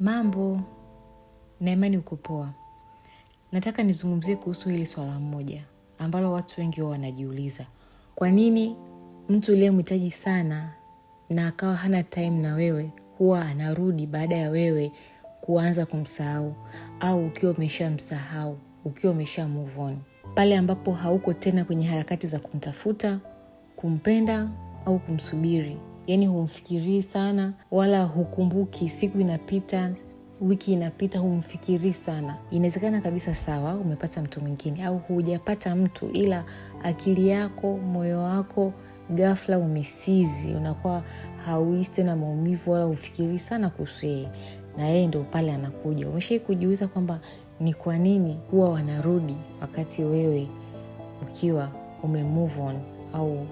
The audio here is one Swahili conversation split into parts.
Mambo, naimani ukupoa Nataka nizungumzie kuhusu hili swala moja ambalo watu wengi wao wanajiuliza, kwa nini mtu uliye mhitaji sana na akawa hana time na wewe huwa anarudi baada ya wewe kuanza kumsahau au ukiwa msahau ukiwa umesha move on, pale ambapo hauko tena kwenye harakati za kumtafuta, kumpenda au kumsubiri yani humfikirii sana wala hukumbuki, siku inapita wiki inapita, humfikirii sana. Inawezekana kabisa, sawa, umepata mtu mwingine au hujapata mtu, ila akili yako, moyo wako gafla umesizi, unakuwa hauisi tena maumivu wala hufikirii sana kuhusu yeye, na yeye ndo pale anakuja. Umeshai kujiuza kwamba ni kwa nini huwa wanarudi wakati wewe ukiwa ume on au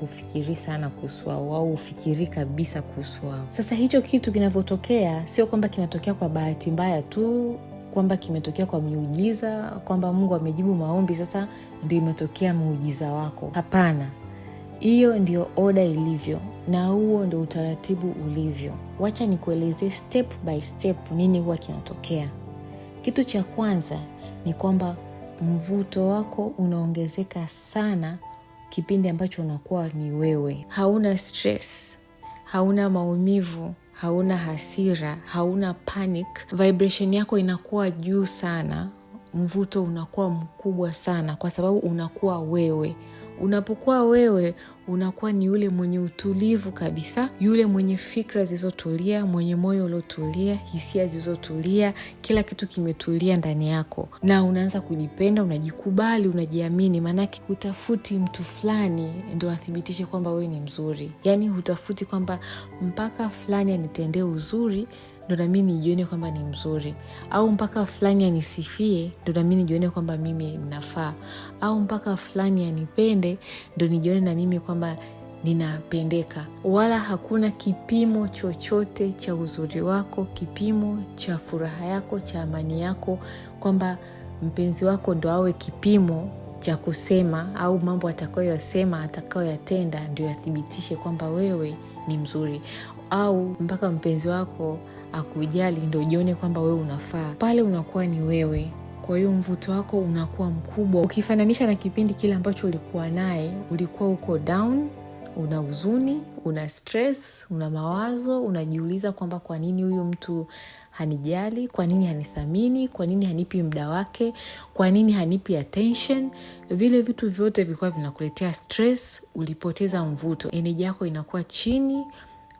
hufikiri sana kuhusu wao au hufikiri kabisa kuhusu wao. Sasa hicho kitu kinavyotokea, sio kwamba kinatokea kwa bahati mbaya tu kwamba kimetokea kwa miujiza, kwamba Mungu amejibu maombi, sasa ndio imetokea muujiza wako. Hapana, hiyo ndio oda ilivyo na huo ndio utaratibu ulivyo. Wacha nikuelezee step by step nini huwa kinatokea. Kitu cha kwanza ni kwamba mvuto wako unaongezeka sana kipindi ambacho unakuwa ni wewe, hauna stress, hauna maumivu hauna hasira, hauna panic. Vibration yako inakuwa juu sana, mvuto unakuwa mkubwa sana, kwa sababu unakuwa wewe. Unapokuwa wewe unakuwa ni yule mwenye utulivu kabisa, yule mwenye fikra zilizotulia, mwenye moyo uliotulia, hisia zilizotulia, kila kitu kimetulia ndani yako, na unaanza kujipenda, unajikubali, unajiamini. Maanake hutafuti mtu fulani ndo athibitishe kwamba wewe ni mzuri, yaani hutafuti kwamba mpaka fulani anitendee uzuri ndo nami nijione kwamba ni mzuri, au mpaka fulani anisifie ndo nami nijione kwamba mimi ninafaa, au mpaka fulani anipende ndo nijione na mimi kwamba ninapendeka. Wala hakuna kipimo chochote cha uzuri wako, kipimo cha furaha yako, cha amani yako, kwamba mpenzi wako ndo awe kipimo cha kusema au mambo atakayoyasema atakayoyatenda ndio yathibitishe kwamba wewe ni mzuri, au mpaka mpenzi wako akujali ndo jione kwamba wewe unafaa, pale unakuwa ni wewe. Kwa hiyo mvuto wako unakuwa mkubwa ukifananisha na kipindi kile ambacho ulikuwa naye, ulikuwa uko down una huzuni, una stress, una mawazo, unajiuliza kwamba kwa nini huyu mtu hanijali, kwa nini hanithamini, kwa nini hanipi muda wake, kwa nini hanipi attention. Vile vitu vyote vilikuwa vinakuletea stress, ulipoteza mvuto, eneji yako inakuwa chini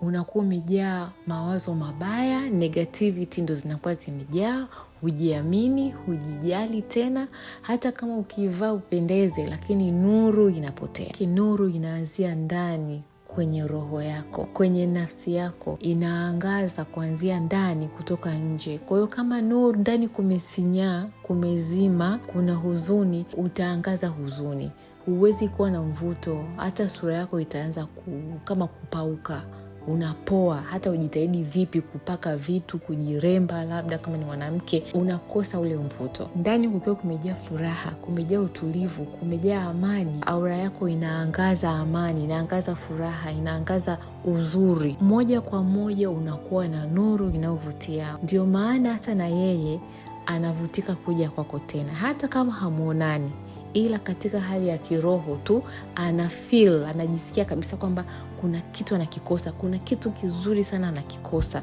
unakuwa umejaa mawazo mabaya, negativity ndo zinakuwa zimejaa, hujiamini, hujijali tena. Hata kama ukivaa upendeze, lakini nuru inapotea. Nuru inaanzia ndani kwenye roho yako, kwenye nafsi yako, inaangaza kuanzia ndani kutoka nje. Kwa hiyo kama nuru ndani kumesinyaa, kumezima, kuna huzuni, utaangaza huzuni. Huwezi kuwa na mvuto, hata sura yako itaanza ku, kama kupauka unapoa, hata ujitahidi vipi kupaka vitu, kujiremba, labda kama ni mwanamke, unakosa ule mvuto. Ndani kukiwa kumejaa furaha, kumejaa utulivu, kumejaa amani, aura yako inaangaza amani, inaangaza furaha, inaangaza uzuri, moja kwa moja unakuwa na nuru inayovutia. Ndio maana hata na yeye anavutika kuja kwako tena, hata kama hamwonani ila katika hali ya kiroho tu ana feel anajisikia kabisa kwamba kuna kitu anakikosa, kuna kitu kizuri sana anakikosa.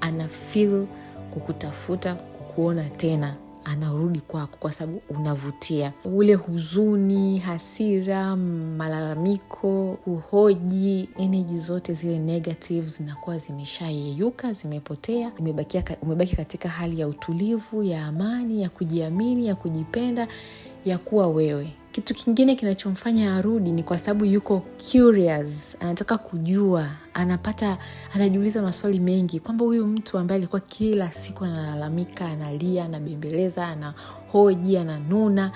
Ana fil kukutafuta, kukuona tena, anarudi kwako kwa sababu unavutia. Ule huzuni, hasira, malalamiko, uhoji, eneji zote zile negative zinakuwa zimeshayeyuka, zimepotea, umebaki katika hali ya utulivu, ya amani, ya kujiamini, ya kujipenda, ya kuwa wewe. Kitu kingine kinachomfanya arudi ni kwa sababu yuko curious, anataka kujua, anapata anajiuliza maswali mengi kwamba huyu mtu ambaye alikuwa kila siku analalamika, analia, anabembeleza, anahoji, ananuna,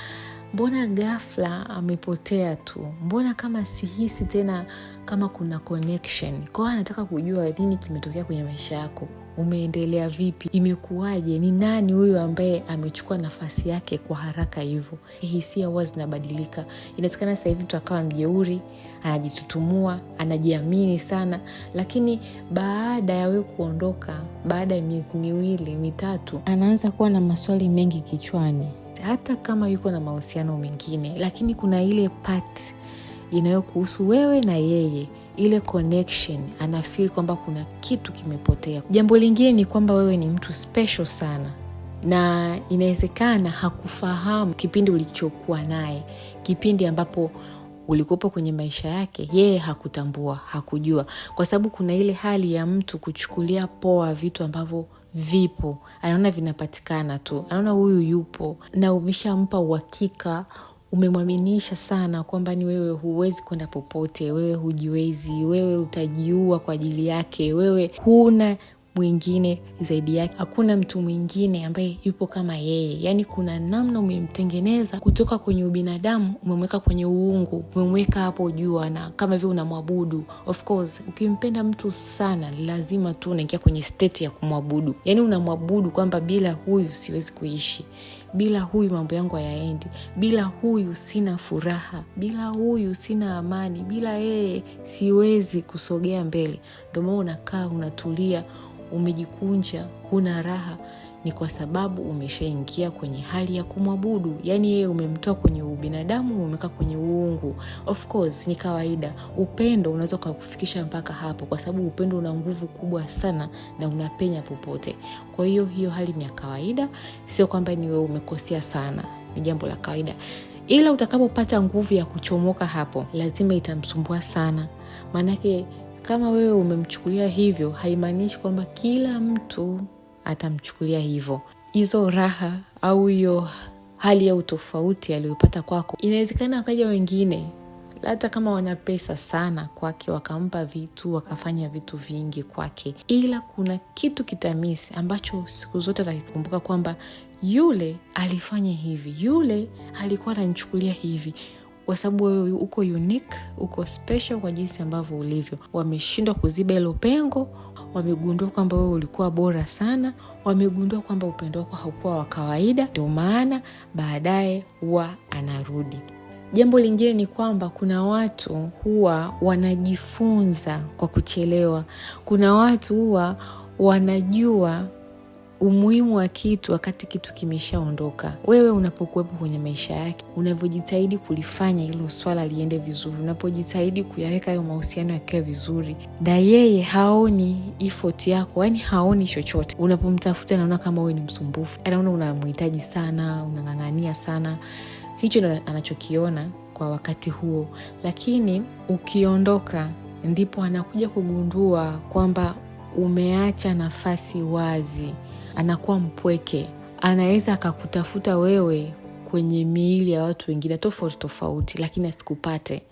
mbona ghafla amepotea tu? Mbona kama sihisi tena kama kuna connection kwao? Anataka kujua nini kimetokea kwenye maisha yako umeendelea vipi, imekuwaje, ni nani huyu ambaye amechukua nafasi yake kwa haraka hivyo. Hisia huwa zinabadilika. Inatikana sahivi mtu akawa mjeuri, anajitutumua, anajiamini sana, lakini baada ya wee kuondoka, baada ya miezi miwili mitatu, anaanza kuwa na maswali mengi kichwani, hata kama yuko na mahusiano mengine, lakini kuna ile pat inayokuhusu wewe na yeye ile connection, anafeel kwamba kuna kitu kimepotea. Jambo lingine ni kwamba wewe ni mtu special sana, na inawezekana hakufahamu kipindi ulichokuwa naye, kipindi ambapo ulikuwepo kwenye maisha yake, yeye hakutambua, hakujua, kwa sababu kuna ile hali ya mtu kuchukulia poa vitu ambavyo vipo, anaona vinapatikana tu, anaona huyu yupo, na umeshampa uhakika umemwaminisha sana kwamba ni wewe huwezi kwenda popote, wewe hujiwezi, wewe utajiua kwa ajili yake, wewe huna mwingine zaidi yake, hakuna mtu mwingine ambaye yupo kama yeye. Yaani kuna namna umemtengeneza kutoka kwenye ubinadamu, umemweka kwenye uungu, umemweka hapo juu, na kama vile unamwabudu. Of course ukimpenda mtu sana, lazima tu unaingia kwenye state ya kumwabudu, yaani unamwabudu kwamba bila huyu siwezi kuishi bila huyu mambo yangu hayaendi, bila huyu sina furaha, bila huyu sina amani, bila yeye siwezi kusogea mbele. Ndio unakaa unatulia, umejikunja, huna raha ni kwa sababu umeshaingia kwenye hali ya kumwabudu, yaani yeye umemtoa kwenye ubinadamu, umeweka kwenye uungu. Of course ni kawaida, upendo unaweza ukakufikisha mpaka hapo, kwa sababu upendo una nguvu kubwa sana na unapenya popote. Kwa hiyo hiyo hali ni ya kawaida, sio kwamba ni wewe umekosea sana, ni jambo la kawaida ila utakapopata nguvu ya kuchomoka hapo, lazima itamsumbua sana. Maanake kama wewe umemchukulia hivyo, haimaanishi kwamba kila mtu atamchukulia hivyo. Hizo raha au hiyo hali ya utofauti aliyoipata kwako, inawezekana wakaja wengine hata kama wana pesa sana kwake, wakampa vitu, wakafanya vitu vingi kwake, ila kuna kitu kitamisi ambacho siku zote atakikumbuka kwamba yule alifanya hivi, yule alikuwa ananichukulia hivi kwa sababu wewe uko unique, uko special kwa jinsi ambavyo ulivyo. Wameshindwa kuziba hilo pengo, wamegundua kwamba wewe ulikuwa bora sana, wamegundua kwamba upendo wako haukuwa wa kawaida, ndio maana baadaye huwa anarudi. Jambo lingine ni kwamba kuna watu huwa wanajifunza kwa kuchelewa. Kuna watu huwa wanajua umuhimu wa kitu wakati kitu kimeshaondoka. Wewe unapokuwepo kwenye maisha yake, unavyojitahidi kulifanya hilo swala liende vizuri, unapojitahidi kuyaweka hayo mahusiano yakiwa vizuri, na yeye haoni effort yako, yani haoni chochote. Unapomtafuta anaona kama wewe ni msumbufu, anaona unamhitaji sana, unang'ang'ania sana. Hicho ndo anachokiona kwa wakati huo, lakini ukiondoka, ndipo anakuja kugundua kwamba umeacha nafasi wazi anakuwa mpweke, anaweza akakutafuta wewe kwenye miili ya watu wengine tofauti tofauti, lakini asikupate.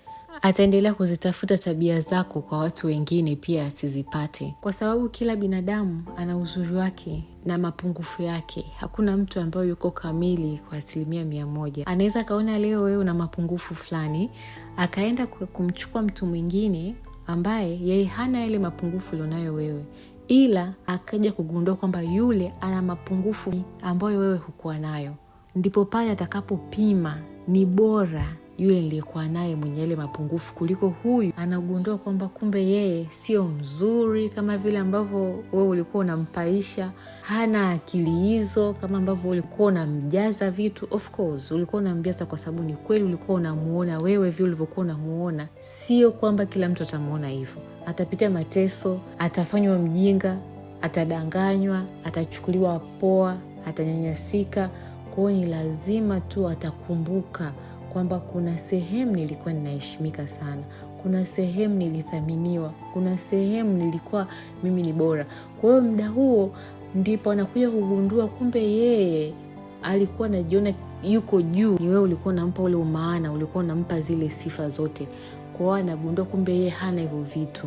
Ataendelea kuzitafuta tabia zako kwa watu wengine pia asizipate, kwa sababu kila binadamu ana uzuri wake na mapungufu yake. Hakuna mtu ambaye yuko kamili kwa asilimia mia moja. Anaweza akaona leo wewe una mapungufu fulani, akaenda kumchukua mtu mwingine ambaye yeye hana yale mapungufu ulionayo wewe ila akaja kugundua kwamba yule ana mapungufu ambayo wewe hukuwa nayo, ndipo pale atakapopima ni bora yule niliyekuwa naye mwenye yale mapungufu kuliko huyu anagundua kwamba kumbe yeye sio mzuri kama vile ambavyo wewe ulikuwa unampaisha, hana akili hizo kama ambavyo ulikuwa unamjaza vitu. Of course ulikuwa unamjaza kwa sababu ni kweli ulikuwa unamuona wewe vile ulivyokuwa unamuona. Sio kwamba kila mtu atamuona hivyo, atapitia mateso, atafanywa mjinga, atadanganywa, atachukuliwa poa, atanyanyasika. kwao ni lazima tu atakumbuka kwamba kuna sehemu nilikuwa ninaheshimika sana, kuna sehemu nilithaminiwa, kuna sehemu nilikuwa mimi ni bora. Kwa hiyo muda huo ndipo anakuja kugundua kumbe yeye alikuwa anajiona yuko juu, ni wewe ulikuwa unampa ule umaana, ulikuwa unampa zile sifa zote. Kwa hiyo anagundua kumbe yeye hana hivyo vitu.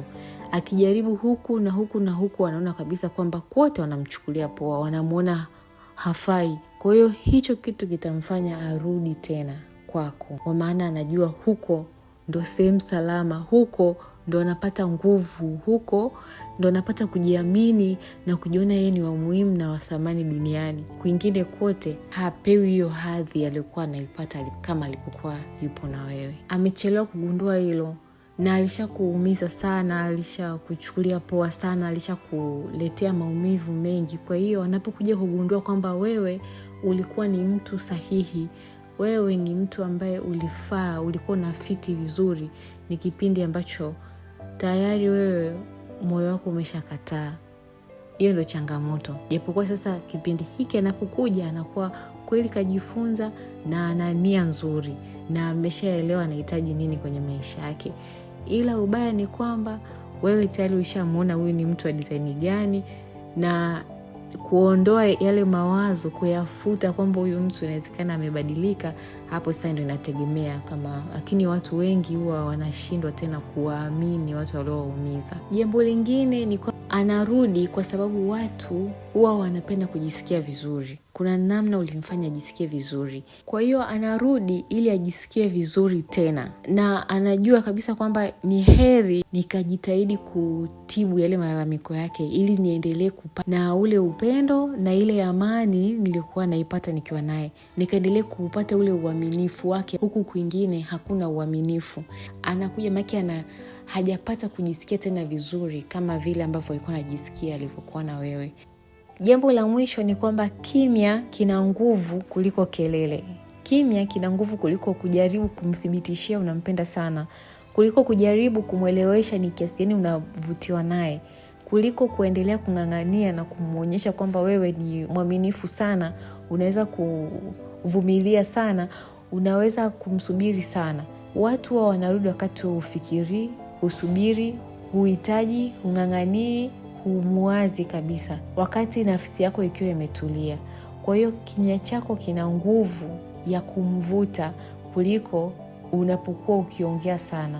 Akijaribu huku na huku na huku, anaona kabisa kwamba kwote wanamchukulia poa, wanamwona hafai. Kwa hiyo hicho kitu kitamfanya arudi tena kwako, kwa maana anajua huko ndo sehemu salama, huko ndo anapata nguvu, huko ndo anapata kujiamini na kujiona yeye ni wa muhimu na wa thamani duniani. Kwingine kote hapewi hiyo hadhi aliyokuwa anaipata kama alipokuwa yupo na wewe. Amechelewa kugundua hilo na alishakuumiza sana, alishakuchukulia poa sana, alishakuletea maumivu mengi. Kwa hiyo anapokuja kugundua kwamba wewe ulikuwa ni mtu sahihi wewe ni mtu ambaye ulifaa, ulikuwa unafiti vizuri, ni kipindi ambacho tayari wewe moyo wako umeshakataa. Hiyo ndo changamoto. Japokuwa sasa kipindi hiki anapokuja anakuwa kweli kajifunza na ana nia nzuri na ameshaelewa anahitaji nini kwenye maisha yake, ila ubaya ni kwamba wewe tayari ushamuona huyu ni mtu wa disaini gani, na kuondoa yale mawazo, kuyafuta kwamba huyu mtu inawezekana amebadilika, hapo sasa ndo inategemea kama. Lakini watu wengi huwa wanashindwa tena kuwaamini watu waliowaumiza. Jambo lingine ni kwa anarudi kwa sababu watu huwa wanapenda kujisikia vizuri, kuna namna ulimfanya ajisikie vizuri, kwa hiyo anarudi ili ajisikie vizuri tena, na anajua kabisa kwamba ni heri nikajitahidi kutibu yale malalamiko yake ili niendelee kupata na ule upendo na ile amani nilikuwa naipata nikiwa naye, nikaendelee kuupata ule uaminifu wake, huku kwingine hakuna uaminifu. Anakuja maki ana hajapata kujisikia tena vizuri kama vile ambavyo alikuwa anajisikia alivyokuwa na wewe. Jambo la mwisho ni kwamba kimya kina nguvu kuliko kelele. Kimya kina nguvu kuliko kujaribu kumthibitishia unampenda sana, kuliko kujaribu kumwelewesha ni kiasi gani unavutiwa naye, kuliko kuendelea kung'ang'ania na kumwonyesha kwamba wewe ni mwaminifu sana, unaweza kuvumilia sana, unaweza kumsubiri sana. Watu wao wanarudi wakati wa ufikiri, usubiri huhitaji, ungang'anii humwazi kabisa, wakati nafsi yako ikiwa imetulia. Kwa hiyo kinywa chako kina nguvu ya kumvuta kuliko unapokuwa ukiongea sana,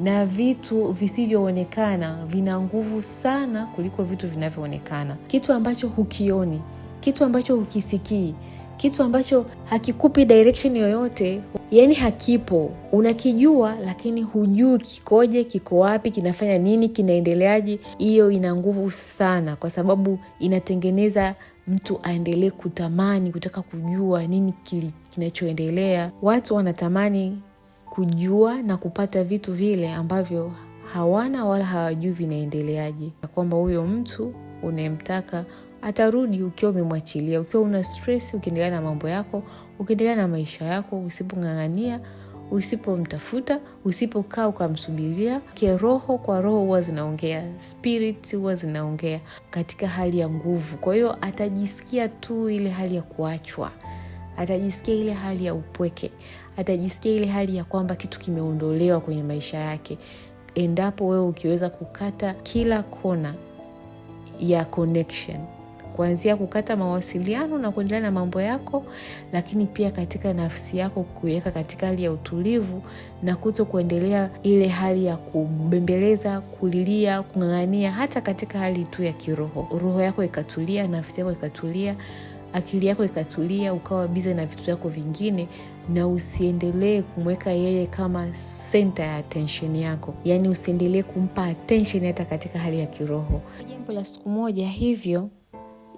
na vitu visivyoonekana vina nguvu sana kuliko vitu vinavyoonekana. Kitu ambacho hukioni, kitu ambacho hukisikii kitu ambacho hakikupi direction yoyote, yani hakipo, unakijua lakini hujui kikoje, kiko wapi, kinafanya nini, kinaendeleaje. Hiyo ina nguvu sana, kwa sababu inatengeneza mtu aendelee kutamani kutaka kujua nini kinachoendelea. Watu wanatamani kujua na kupata vitu vile ambavyo hawana wala hawajui vinaendeleaje, na kwamba huyo mtu unayemtaka atarudi ukiwa umemwachilia, ukiwa una stress, ukiendelea na mambo yako, ukiendelea na maisha yako, usipong'ang'ania, usipomtafuta, usipokaa ukamsubiria. Kiroho kwa roho huwa zinaongea, spirit huwa zinaongea katika hali ya nguvu. Kwa hiyo atajisikia tu ile hali ya kuachwa, atajisikia ile hali ya upweke, atajisikia ile hali ya kwamba kitu kimeondolewa kwenye maisha yake, endapo wewe ukiweza kukata kila kona ya connection kuanzia kukata mawasiliano na kuendelea na mambo yako, lakini pia katika nafsi yako kuiweka katika hali ya utulivu na kuto kuendelea ile hali ya kubembeleza, kulilia, kung'ang'ania, hata katika hali tu ya kiroho, roho yako ikatulia, nafsi yako ikatulia akili yako ikatulia, ukawa bize na vitu vyako vingine, na usiendelee kumweka yeye kama senta ya attention yako, yaani usiendelee kumpa attention hata katika hali ya kiroho. Jambo la siku moja hivyo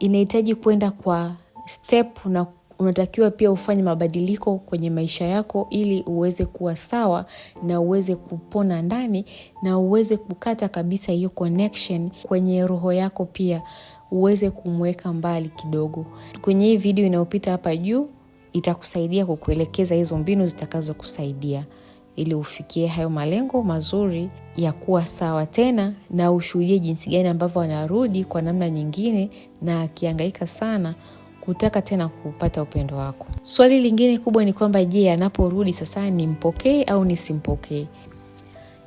inahitaji kwenda kwa step na unatakiwa pia ufanye mabadiliko kwenye maisha yako ili uweze kuwa sawa na uweze kupona ndani na uweze kukata kabisa hiyo connection kwenye roho yako, pia uweze kumweka mbali kidogo. Kwenye hii video inayopita hapa juu itakusaidia kukuelekeza hizo mbinu zitakazokusaidia ili ufikie hayo malengo mazuri ya kuwa sawa tena, na ushuhudie jinsi gani ambavyo anarudi kwa namna nyingine na akihangaika sana kutaka tena kupata upendo wako. Swali lingine kubwa ni kwamba je, anaporudi sasa nimpokee au nisimpokee?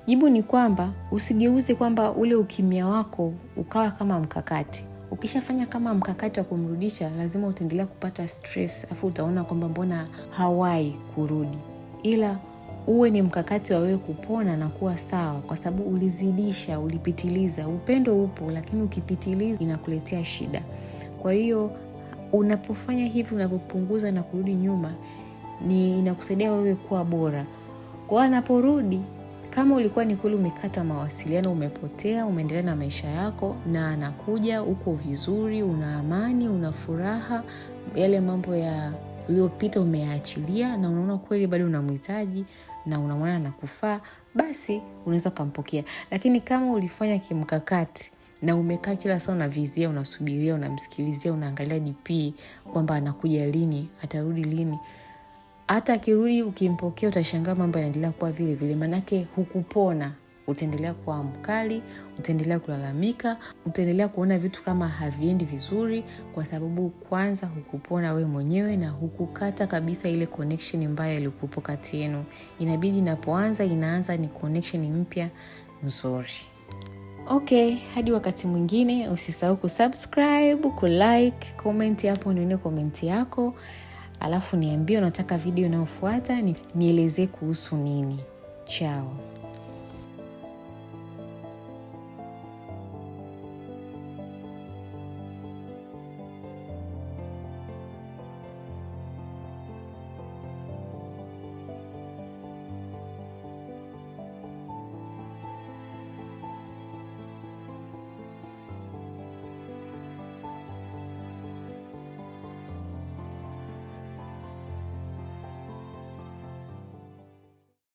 Jibu ni kwamba usigeuze kwamba ule ukimya wako ukawa kama mkakati. Ukishafanya kama mkakati wa kumrudisha, lazima utaendelea kupata stress, afu utaona kwamba mbona hawai kurudi, ila uwe ni mkakati wa wewe kupona na kuwa sawa, kwa sababu ulizidisha, ulipitiliza. Upendo upo, lakini ukipitiliza inakuletea shida. Kwa hiyo unapofanya hivi, unavyopunguza na kurudi nyuma, ni inakusaidia wewe kuwa bora kwao anaporudi kama ulikuwa ni kweli umekata mawasiliano, umepotea, umeendelea na maisha yako, na anakuja, uko vizuri, una amani, una furaha, yale mambo ya uliopita umeyaachilia, na unaona kweli bado unamhitaji na unamwona anakufaa, basi unaweza ukampokea. Lakini kama ulifanya kimkakati na umekaa kila saa unavizia, unasubiria, unamsikilizia, unaangalia DP kwamba anakuja lini, atarudi lini, hata akirudi ukimpokea, utashangaa mambo yanaendelea kuwa vile vile, maanake hukupona utaendelea kuwa mkali, utaendelea kulalamika, utaendelea kuona vitu kama haviendi vizuri, kwa sababu kwanza hukupona we mwenyewe na hukukata kabisa ile connection mbayo iliyokuwepo kati yenu. Inabidi inapoanza inaanza ni connection mpya nzuri. ok hadi wakati mwingine, usisahau kusubscribe, kulike, comment hapo, nione komenti yako, alafu niambie unataka video inayofuata nielezee kuhusu nini. Chao.